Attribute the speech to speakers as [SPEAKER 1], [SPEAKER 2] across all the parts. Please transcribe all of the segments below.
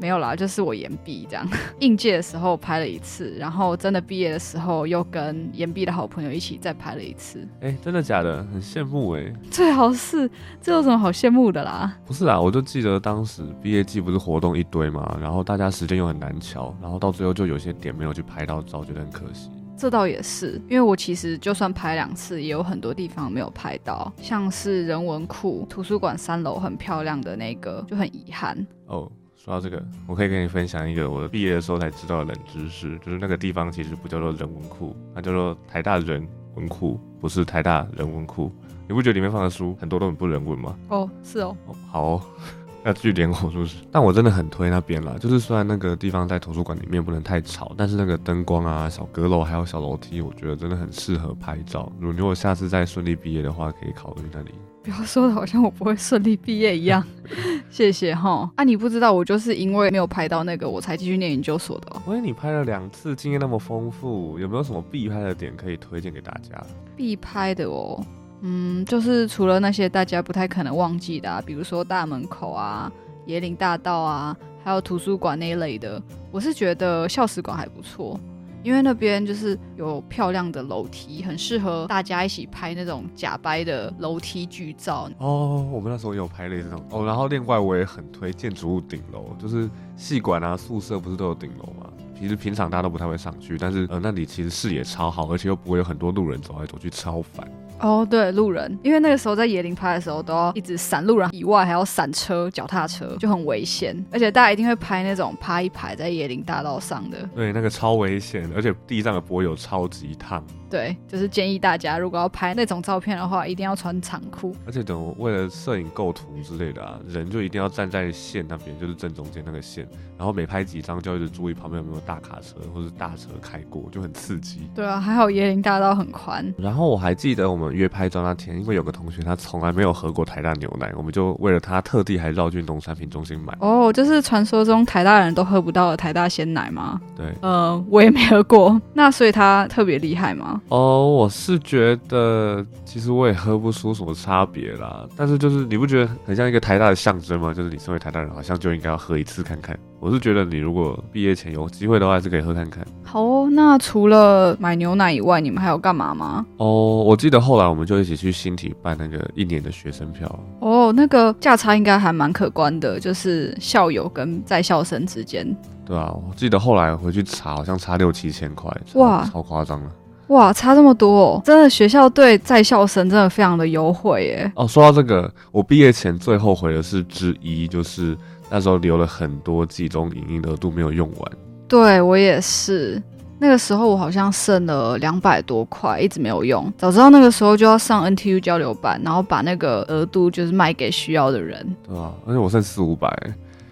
[SPEAKER 1] 沒有啦，就是我延畢這樣。 應屆的時候拍了一次，然後真的畢業的時候又跟延畢的好朋友一起再拍了一次。
[SPEAKER 2] 哎、欸，真的假的？很羨慕哎、
[SPEAKER 1] 欸。最 好是這有什麼好羨慕的啦？
[SPEAKER 2] 不是啦，我就記得當時畢業季不是活動一堆嘛，然後大家時間又很難敲，然後到最後就有些點沒有去拍到照，到覺得很可惜。
[SPEAKER 1] 這倒也是，因為我其實就算拍兩次，也有很多地方沒有拍到，像是人文庫圖書館三樓很漂亮的那個，就很遺憾
[SPEAKER 2] 哦。Oh. 說到這個，我可以跟你分享一個我畢業的時候才知道的冷知識，就是那個地方其實不叫做人文庫，它叫做台大人文庫，不是台大人文庫。你不覺得裡面放的書很多都很不人文嗎？哦，是哦。哦好哦，那去點火試試。但我真的很推那邊啦，就是雖然那個地方在圖書館裡面不能太吵，但是那個燈光啊、小閣樓還有小樓梯，我覺得真的很適合拍照。如如果下次再順利畢業的話，可以考慮那裡。
[SPEAKER 1] 不要說的，好像我不會順利畢業一樣。 謝謝哈、哦。啊，你不知道，我就是因為沒有拍到那個，我才繼續念研究所的、
[SPEAKER 2] 哦。所以你拍了兩次，經驗那麼豐富，有沒有什麼必拍的點可以推薦給大家？
[SPEAKER 1] 必拍的哦，嗯，就是除了那些大家不太可能忘記的、啊，比如說大門口啊、椰林大道啊，還有圖書館那一類的，我是覺得校史館還不錯。因為那邊就是有漂亮的樓梯，很適合大家一起拍那種假掰的樓梯劇照
[SPEAKER 2] 哦。我們那時候有拍了那種哦，然後另外我也很推建築物頂樓，就是。戲館啊，宿舍不是都有頂樓嗎？其實平常大家都不太會上去，但是呃，那裡其實視野超好，而且又不會有很多路人走來走去，超煩。
[SPEAKER 1] 哦，oh, 對，路人，因為那個時候在椰林拍的時候，都要一直閃路人以外，還要閃車、腳踏車，就很危險。而且大家一定會拍那種趴一排在椰林大道上的，
[SPEAKER 2] 對，那個超危險，而且地上的柏油超級燙。
[SPEAKER 1] 對，就是建議大家，如果要拍那種照片的話，一定要穿長褲。
[SPEAKER 2] 而且等為了攝影構圖之類的啊，人就一定要站在線那邊，就是正中間那個線。然後每拍幾張，就要一直注意旁邊有沒有大卡車或是大車開過，就很刺激。對啊，
[SPEAKER 1] 還好椰林大道很寬。
[SPEAKER 2] 然後我還記得我們約拍照那天，因為有個同學他從來沒有喝過台大牛奶，我們就為了他特地還繞去農產品中心買。
[SPEAKER 1] 哦，oh, 就是傳說中台大人都喝不到的台大鮮奶嗎？對，呃，我也沒喝過，那所以他特別厲害嗎？
[SPEAKER 2] 哦，oh, 我是覺得其實我也喝不出什麼差別啦。但是就是你不覺得很像一個台大的象徵嗎？就是你身為台大人，好像就應該要喝一次看看。我是覺得你如果畢業前有機會的話，還是可以喝看看。
[SPEAKER 1] 好哦，那除了買牛奶以外，你們還有幹嘛嗎？
[SPEAKER 2] 哦，oh, 我記得後來我們就一起去新體辦那個一年的學生票。哦
[SPEAKER 1] ，oh, 那個價差應該還蠻可觀的，就是校友跟在校生之間。
[SPEAKER 2] 對啊，我記得後來回去查，好像差六七千塊，哇，超誇張啊！Wow.
[SPEAKER 1] 哇，差這麼多哦！真的，學校對在校生真的非常的優惠耶。
[SPEAKER 2] 哦，說到這個，我畢業前最後悔的事之一，就是那時候留了很多集中營業額度沒有用完。
[SPEAKER 1] 對，我也是。那個時候我好像剩了兩百多塊，一直沒有用。早知道那個時候就要上 NTU 交流班，然後把那個額度就是賣給需要的人。
[SPEAKER 2] 對啊，而且我剩四五百。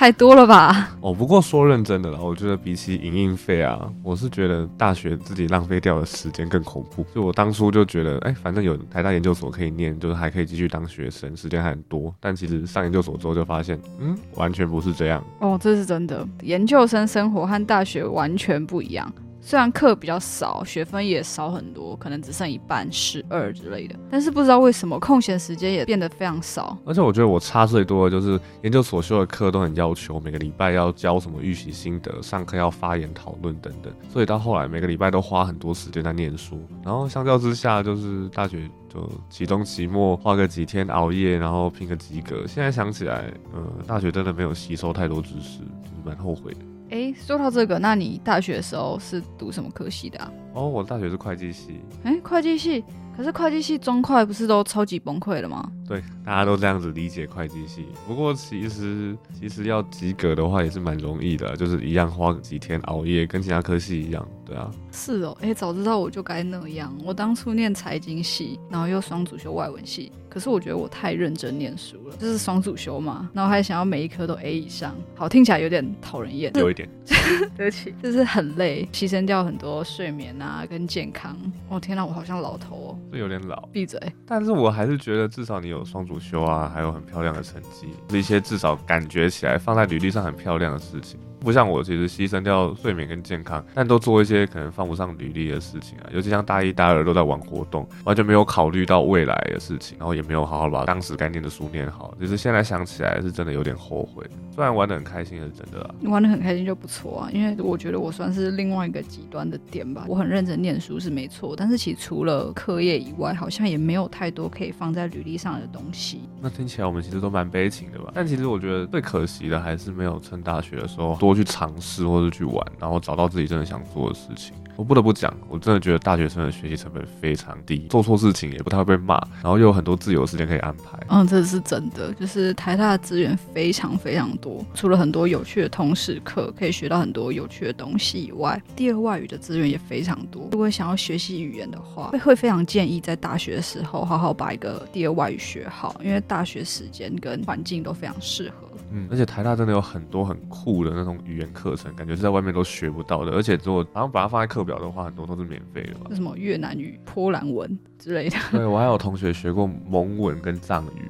[SPEAKER 2] 太多了吧？哦，不過說認真的啦，我覺得比起營運費啊，我是覺得大學自己浪費掉的時間更恐怖。就我當初就覺得，哎、欸，反正有台大研究所可以念，就是還可以繼續當學生，時間還很多。但其實上研究所之後就發現，嗯，完全不是這樣。
[SPEAKER 1] 哦，這是真的，研究生生活和大學完全不一樣。雖然課比較少，學分也少很多，可能只剩一半十二之類的，但是不知道為什麼空閒時間也變得非常少。
[SPEAKER 2] 而且我覺得我差最多的就是研究所修的課都很要求每個禮拜要交什麼預習心得，上課要發言討論等等，所以到後來每個禮拜都花很多時間在念書。然後相較之下，就是大學就期中期末花個幾天熬夜，然後拼個及格。現在想起來，呃，大學真的沒有吸收太多知識，蠻、就是、後悔的。
[SPEAKER 1] 哎、欸，說到這個，那你大學的時候是讀什麼科系的
[SPEAKER 2] 啊？哦，我大學是會計系。
[SPEAKER 1] 哎、欸，會計系，可是會計系中會不是都超級崩潰了嗎？
[SPEAKER 2] 對，大家都這樣子理解會計系。不過其實其實要及格的話也是蠻容易的，就是一樣花幾天熬夜，跟其他科系一樣。對啊。
[SPEAKER 1] 是哦，哎、欸，早知道我就該那樣。我當初念財經系，然後又雙主修外文系。可是我覺得我太認真念書了，就是雙主修嘛，然後還想要每一科都 A 以上，好，聽起來有點討人厭，有一點， 對不起， 就是很累，犧牲掉很多睡眠啊跟健康。哦，天哪，我好像老頭哦，
[SPEAKER 2] 這有點老，閉嘴。但是我還是覺得至少你有雙主修啊，還有很漂亮的成績，是一些至少感覺起來放在履歷上很漂亮的事情。不像我，其實犧牲掉睡眠跟健康，但都做一些可能放不上履歷的事情啊。尤其像大一、大二都在玩活動，完全沒有考慮到未來的事情，然後也沒有好好把當時該念的書念好。其實現在想起來，是真的有點後悔。雖然玩得很開心，也是真的啊。玩
[SPEAKER 1] 得很開心就不錯啊，因為我覺得我算是另外一個極端的點吧。我很認真念書是沒錯，但是其實除了課業以外，好像也沒有太多可以放在履歷上的東西。
[SPEAKER 2] 那聽起來我們其實都蠻悲情的吧？但其實我覺得最可惜的還是沒有趁大學的時候多。都去嘗試或者去玩，然後找到自己真的想做的事情。我不得不講，我真的覺得大學生的學習成本非常低，做錯事情也不太會被罵，然後又有很多自由的時間可以安排。
[SPEAKER 1] 嗯，這是真的，就是台大的資源非常非常多，除了很多有趣的通識課可以學到很多有趣的東西以外，第二外語的資源也非常多。如果想要學習語言的話，會非常建議在大學的時候好好把一個第二外語學好，因為大學時間跟環境都非常適合。
[SPEAKER 2] 嗯，而且台大真的有很多很酷的那種語言課程，感覺是在外面都學不到的。而且如果他們把它放在課表的話，很多都是免費的吧。那
[SPEAKER 1] 什麼越南語、波蘭文之類的。對，
[SPEAKER 2] 我還有同學學過蒙文跟藏語，嗯、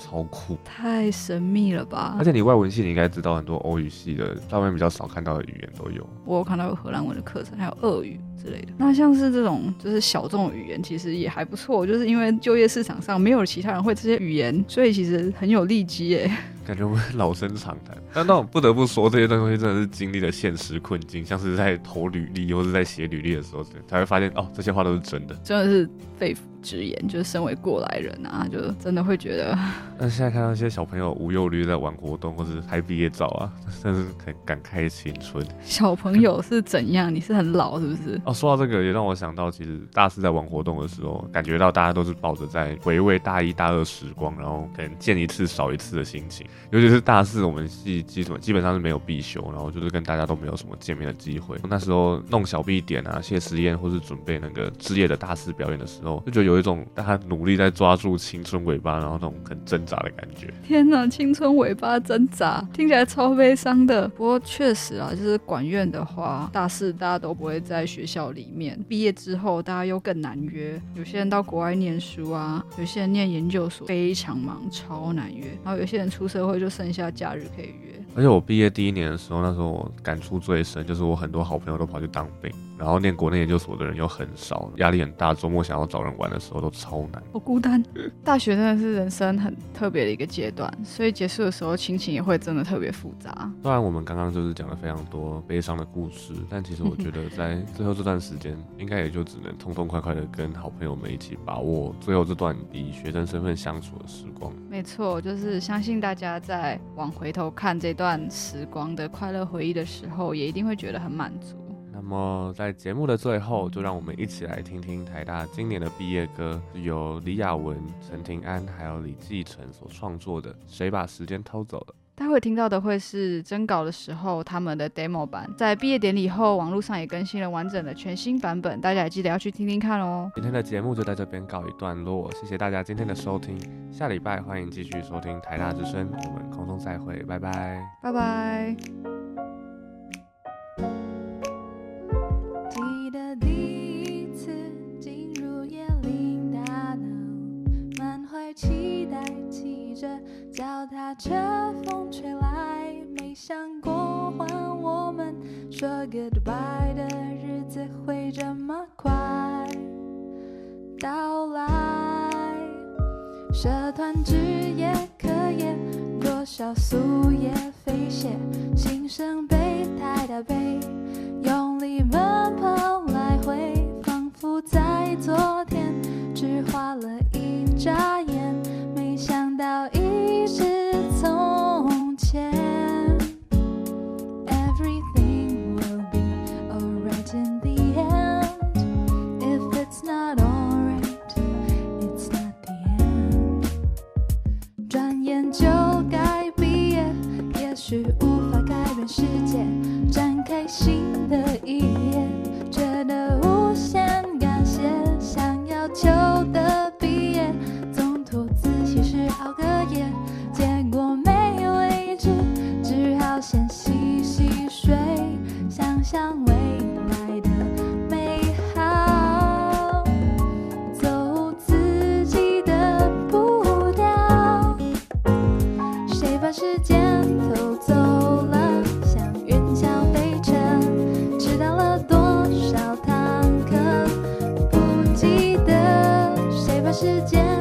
[SPEAKER 2] 超酷。
[SPEAKER 1] 太神秘了吧？而且
[SPEAKER 2] 你外文系你應該知道，很多歐語系的在外面比較少看到的語言都有。
[SPEAKER 1] 我有看到有荷蘭文的課程，還有俄語之類的。那像是這種就是小眾的語言，其實也還不錯。就是因為就業市場上沒有其他人會這些語言，所以其實很有利基誒。
[SPEAKER 2] 感覺會老生常談，但那、no, 不得不說，這些東西真的是經歷了現實困境，像是在投履歷或是在寫履歷的時候，才會發現哦，這些話都是真的，
[SPEAKER 1] 真的是肺直言，就是身為過來人啊，就真的會覺得。
[SPEAKER 2] 那現在看到一些小朋友無憂慮在玩活動，或是拍畢業照啊，真是很感慨青春。
[SPEAKER 1] 小朋友是怎樣？你是很老是不是？
[SPEAKER 2] 哦，說到這個也讓我想到，其實大四在玩活動的時候，感覺到大家都是抱着在回味大一大二時光，然後可能見一次少一次的心情。尤其是大四，我們系基本基本上是沒有必修，然後就是跟大家都沒有什麼見面的機會。那時候弄小 B 點啊、謝實驗，或是準備那個畢業的大四表演的時候，就覺得有。有一種他努力在抓住青春尾巴，然後那種很掙扎的感覺。
[SPEAKER 1] 天啊，青春尾巴掙扎，聽起來超悲傷的。不過確實啊，就是管院的話，大四大家都不會在學校裡面。畢業之後，大家又更難約。有些人到國外唸書啊，有些人唸研究所，非常忙，超難約。然後有些人出社會，就剩下假日可以約。
[SPEAKER 2] 而且我畢業第一年的時候，那時候我感觸最深，就是我很多好朋友都跑去當兵。然後念國內研究所的人又很少，壓力很大。周末想要找人玩的時候都超難。
[SPEAKER 1] 好孤單，大學真的是人生很特別的一個階段，所以結束的時候，心情，情也會真的特別複雜。
[SPEAKER 2] 雖然我們剛剛就是講了非常多悲傷的故事，但其實我覺得在最後這段時間， 應該也就只能痛痛快快的跟好朋友們一起把握最後這段以學生身份相處的時光。
[SPEAKER 1] 沒錯，就是相信大家在往回頭看這段時光的快樂回憶的時候，也一定會覺得很滿足。
[SPEAKER 2] 那麼在節目的最後，就讓我們一起來聽聽台大今年的畢業歌，由李雅文、陳廷安還有李繼承所創作的《誰把時間偷走了》。
[SPEAKER 1] 待會聽到的會是徵稿的時候他們的 demo 版，在畢業典禮後網絡上也更新了完整的全新版本，大家也記得要去聽聽看哦。
[SPEAKER 2] 今天的節目就在這邊告一段落，謝謝大家今天的收聽，下禮拜歡迎繼續收聽台大之聲，我們空中再會，拜拜，
[SPEAKER 3] 拜拜。腳踏車風吹來，沒想過換我們說 goodbye 的日子會這麼快到來。社團之夜可言，多少夙夜匪懈，新生杯、台大杯。是無法改變世界，展開新的一頁，覺得無限感謝。想要求的畢業，總圖自習室熬個夜，結果沒有位置，只好先洗洗睡，想想我。時間。